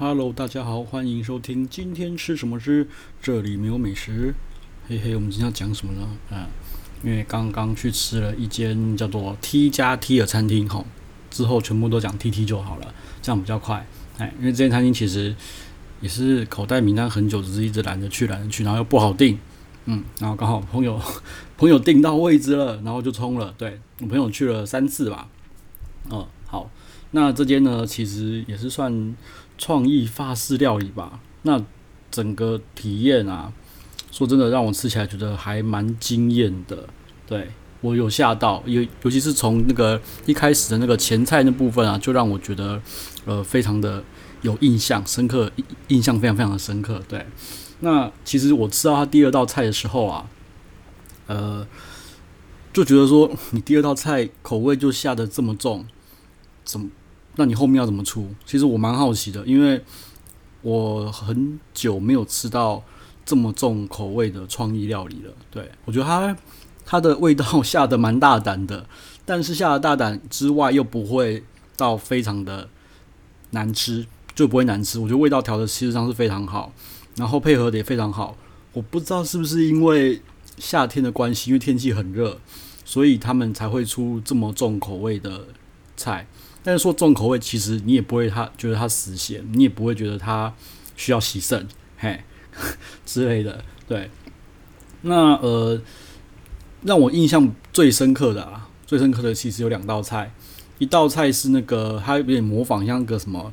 Hello，大家好，歡迎收聽今天吃什麼之，這裡沒有美食，嘿嘿。我們今天要講什麼呢？啊、嗯，因為剛剛去吃了一間叫做 T 加 T 的餐廳，吼，之後全部都講 T T 就好了，這樣比較快。哎，因為這間餐廳其實也是口袋名單很久，只是一直懶得去，懶得去，然後又不好定，嗯，然後剛好朋友朋友訂到位置了，然後就衝了。對，我朋友去了三次吧。嗯，好，那這間呢，其實也是算。創意法式料理吧，那整個體驗啊，說真的讓我吃起來覺得還蠻驚艷的。對，我有嚇到，尤尤其是從那個一開始的那個前菜那部分啊，就讓我覺得呃非常的有印象深刻，印象非常非常的深刻。對，那其實我吃到他第二道菜的時候啊，呃，就覺得說你第二道菜口味就下得這麼重，怎麼？那你後面要怎麼出？其實我蠻好奇的，因為我很久沒有吃到這麼重口味的創意料理了。對，我覺得它它的味道下的蠻大膽的，但是下了大膽之外，又不會到非常的難吃，就不會難吃。我覺得味道調的其實上是非常好，然後配合的也非常好。我不知道是不是因為夏天的關係，因為天氣很熱，所以他們才會出這麼重口味的菜。但是說重口味，其實你也不會它，覺得它死鹹，你也不會覺得它需要洗腎，嘿之類的。對，那呃，讓我印象最深刻的啊，最深刻的其實有兩道菜，一道菜是那個它有點模仿像那個什麼，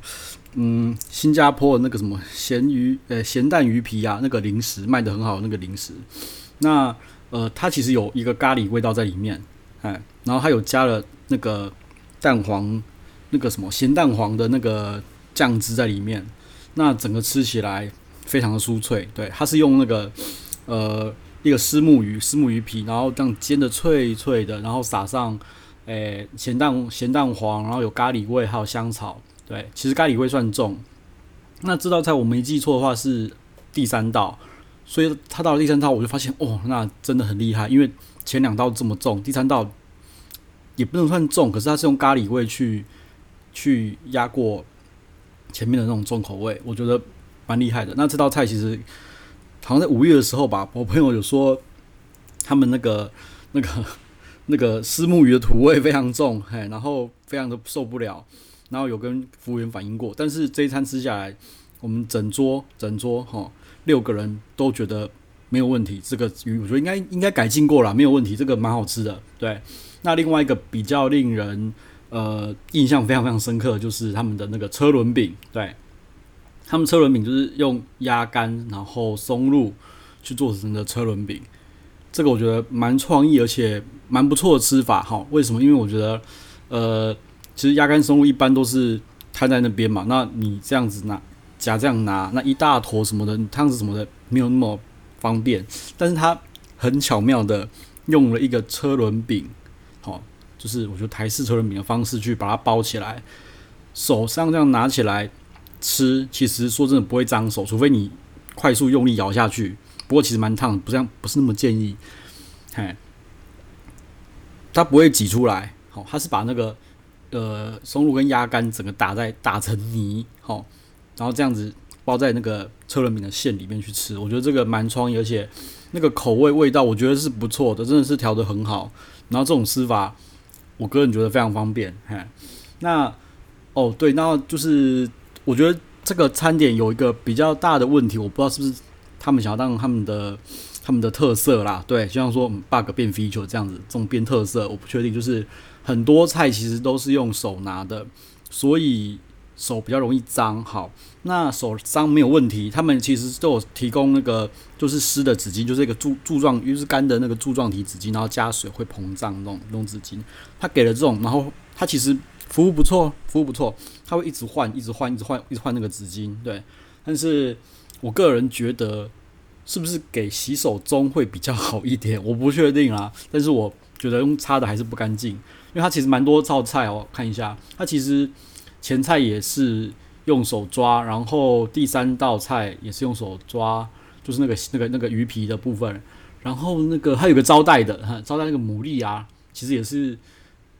嗯，新加坡的那個什麼鹹魚呃、欸、鹹蛋魚皮啊，那個零食賣得很好，那個零食。那呃，它其實有一個咖喱味道在裡面，哎，然後它有加了那個蛋黃。那個什麼鹹蛋黃的那個醬汁在裡面，那整個吃起來非常的酥脆。對，它是用那個呃一個虱目魚虱目魚皮，然後這樣煎得脆脆的，然後撒上誒鹹、欸、蛋鹹蛋黃，然後有咖喱味，還有香草。對，其實咖喱味算重。那這道菜我沒記錯的話是第三道，所以他到了第三道，我就發現哦，那真的很厲害，因為前兩道這麼重，第三道也不能算重，可是它是用咖喱味去。去壓過前面的那種重口味，我覺得蠻厲害的。那這道菜其實好像在五月的時候吧，我朋友有說他們那個那個那個虱目魚的土味非常重，嘿，然後非常的受不了，然後有跟服務員反映過。但是這一餐吃下來，我們整桌整桌齁六個人都覺得沒有問題。這個魚我覺得應該應該改進過了啦，沒有問題，這個蠻好吃的。對，那另外一個比較令人。呃，印象非常非常深刻，就是他們的那個車輪餅，對，他們車輪餅就是用鴨肝然後松露去做成的車輪餅，這個我覺得蠻創意，而且蠻不錯的吃法。哈，為什麼？因為我覺得，呃，其實鴨肝松露一般都是攤在那邊嘛，那你這樣子拿夾這樣拿，那一大坨什麼的，你湯汁什麼的沒有那麼方便，但是它很巧妙的用了一個車輪餅，好。就是我覺得台式車輪餅的方式去把它包起來，手上這樣拿起來吃，其實說真的不會髒手，除非你快速用力咬下去。不過其實蠻燙，不像不是那麼建議。嘿，它不會擠出來，哦。它是把那個呃松露跟鴨肝整個打在打成泥，哦，然後這樣子包在那個車輪餅的餡裡面去吃。我覺得這個蠻創意，而且那個口味味道我覺得是不錯的，真的是調得很好。然後這種吃法。我個人覺得非常方便，哎，那哦對，那就是我覺得這個餐點有一個比較大的問題，我不知道是不是他們想要當他們的他們的特色啦，對，就像說 bug 變 feature 這樣子，這種變特色我不確定。就是很多菜其實都是用手拿的，所以。手比較容易髒，好，那手髒沒有問題。他們其實就提供那個，就是濕的紙巾，就是一個柱柱狀，就是乾的那個柱狀體紙巾，然後加水會膨脹那種那種紙巾。他給了這種，然後他其實服務不錯，服務不錯，他會一直換，一直換，一直換，一直換那個紙巾。對，但是我個人覺得是不是給洗手中會比較好一點，我不確定啦。但是我覺得用擦的還是不乾淨，因為它其實蠻多道菜哦、喔，看一下，它其實。前菜也是用手抓，然後第三道菜也是用手抓，就是那個那個那個魚皮的部分，然後那個還有個招待的，招待那個牡蠣啊，其實也是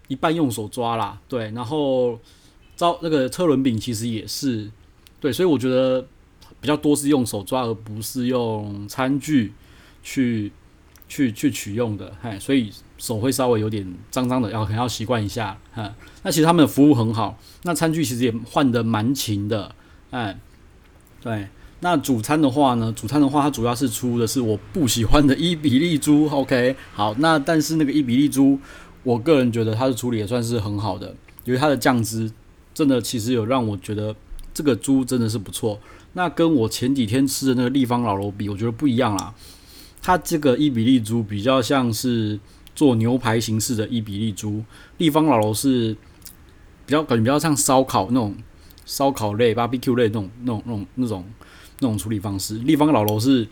一半用手抓啦，對，然後招那個車輪餅其實也是，對，所以我覺得比較多是用手抓，而不是用餐具去。去去取用的，所以手會稍微有點髒髒的要，很要很能要習慣一下，哈。那其實他們的服務很好，那餐具其實也換的蠻勤的，對。那主餐的話呢，主餐的話，它主要是出的是我不喜歡的伊比利豬，OK，好。那但是那個伊比利豬，我個人覺得它的處理也算是很好的，因為它的醬汁真的其實有讓我覺得這個豬真的是不錯。那跟我前幾天吃的那個立方老樓比，我覺得不一樣啦。它這個伊比利豬比較像是做牛排形式的伊比利豬，立方老樓是比較感覺比較像燒烤那種燒烤類、barbecue 類那種那種那種那種那種處理方式。立方老樓是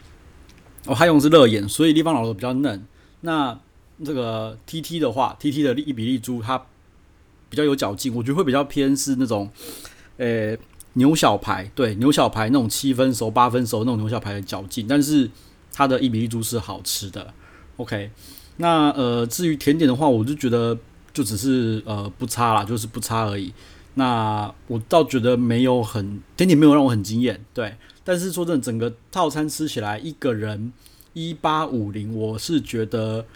哦，他用的是肉眼，所以立方老樓比較嫩。那這個 TT 的話，TT 的伊比利豬它比較有嚼勁，我覺得會比較偏是那種誒、欸、牛小排，對牛小排那種七分熟、八分熟那種牛小排的嚼勁，但是。它的伊比利豬是好吃的，OK，那呃，至於甜點的話，我就覺得就只是呃不差啦，就是不差而已。那我倒覺得沒有很甜點沒有讓我很驚豔，對。但是說真的，整個套餐吃起來一個人一八五零，我是覺得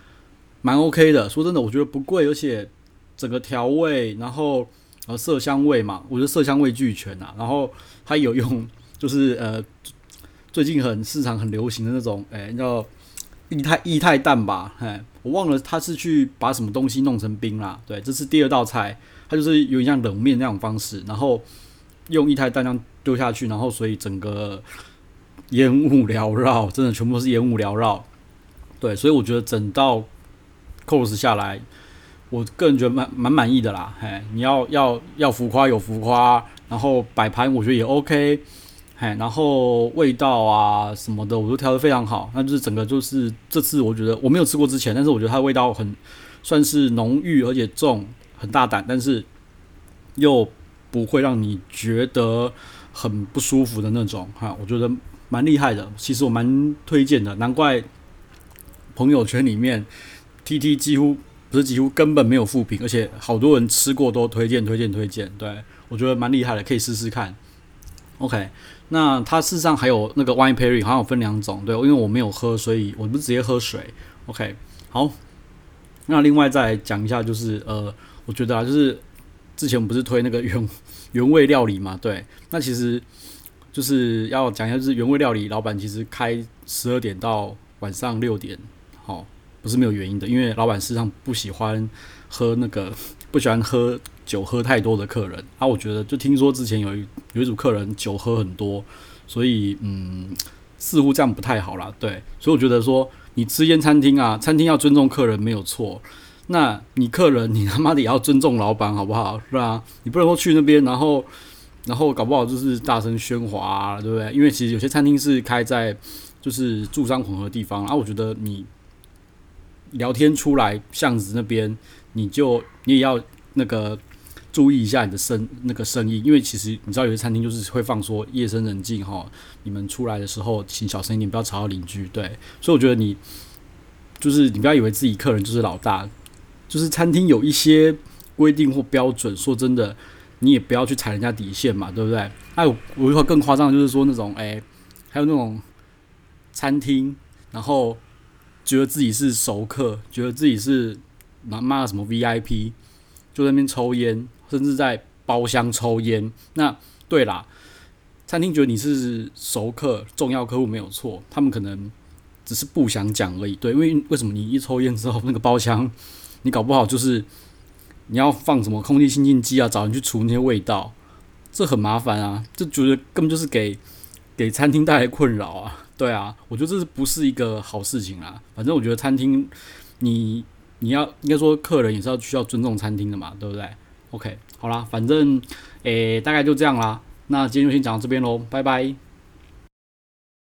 蠻 OK 的。說真的，我覺得不貴，而且整個調味，然後呃色香味嘛，我覺得色香味俱全啦。然後它有用，就是呃。最近很市場很流行的那種，哎、欸，叫液態液態氮吧，哎，我忘了他是去把什麼東西弄成冰啦。對，這是第二道菜，它就是有點像冷面那種方式，然後用液態氮這樣丟下去，然後所以整個煙霧繚繞，真的全部都是煙霧繚繞。對，所以我覺得整道 course 下來，我個人覺得蠻蠻滿意的啦。哎，你要要要浮誇有浮誇，然後擺盤我覺得也 OK。嘿，然後味道啊什麼的，我都調的非常好。那就是整個就是這次，我覺得我沒有吃過之前，但是我覺得它味道很算是濃郁而且重，很大膽，但是又不會讓你覺得很不舒服的那種哈。我覺得蠻厲害的，其實我蠻推薦的。難怪朋友圈裡面 T+T 幾乎不是幾乎根本沒有負評，而且好多人吃過都推薦推薦推薦。對，我覺得蠻厲害的，可以試試看。OK，那它事實上還有那個 wine pairing 好像有分兩種，對，因為我沒有喝，所以我就直接喝水。OK，好，那另外再來講一下，就是呃，我覺得啊，就是之前我們不是推那個原原味料理嘛，對，那其實就是要講一下，就是原味料理老闆其實開十二點到晚上六點，好。不是沒有原因的，因為老闆事實上不喜歡喝那個不喜歡喝酒喝太多的客人啊。我覺得就聽說之前有一有一組客人酒喝很多，所以嗯，似乎這樣不太好啦。對，所以我覺得說你吃煙餐廳啊，餐廳要尊重客人沒有錯，那你客人你他媽的也要尊重老板好不好？是啊，你不能夠去那邊，然後然後搞不好就是大聲喧嘩、啊，對不對？因為其實有些餐廳是開在就是住商混合的地方啊，我覺得你。聊天出來巷子那邊，你就你也要那個注意一下你的聲那個聲音，因為其實你知道有些餐廳就是會放說夜深人靜哈，你們出來的時候請小聲一點，不要吵到鄰居。對，所以我覺得你就是你不要以為自己客人就是老大，就是餐廳有一些規定或標準。說真的，你也不要去踩人家底線嘛，對不對、啊？還有我會更誇張，就是說那種誒、欸，還有那種餐廳，然後。覺得自己是熟客，覺得自己是那媽的什麼 VIP，就在那邊抽煙，甚至在包廂抽煙。那對啦，餐廳覺得你是熟客、重要客戶沒有錯，他們可能只是不想講而已。對，因為為什麼你一抽煙之後，那個包廂你搞不好就是你要放什麼空氣清淨機啊，找人去除那些味道，這很麻煩啊。就覺得根本就是給給餐廳帶來困擾啊。對啊，我覺得這是不是一個好事情啊？反正我覺得餐廳你，你你要應該說客人也是要需要尊重餐廳的嘛，對不對？OK，好啦，反正誒大概就這樣啦，那今天就先講到這邊嘍，拜拜。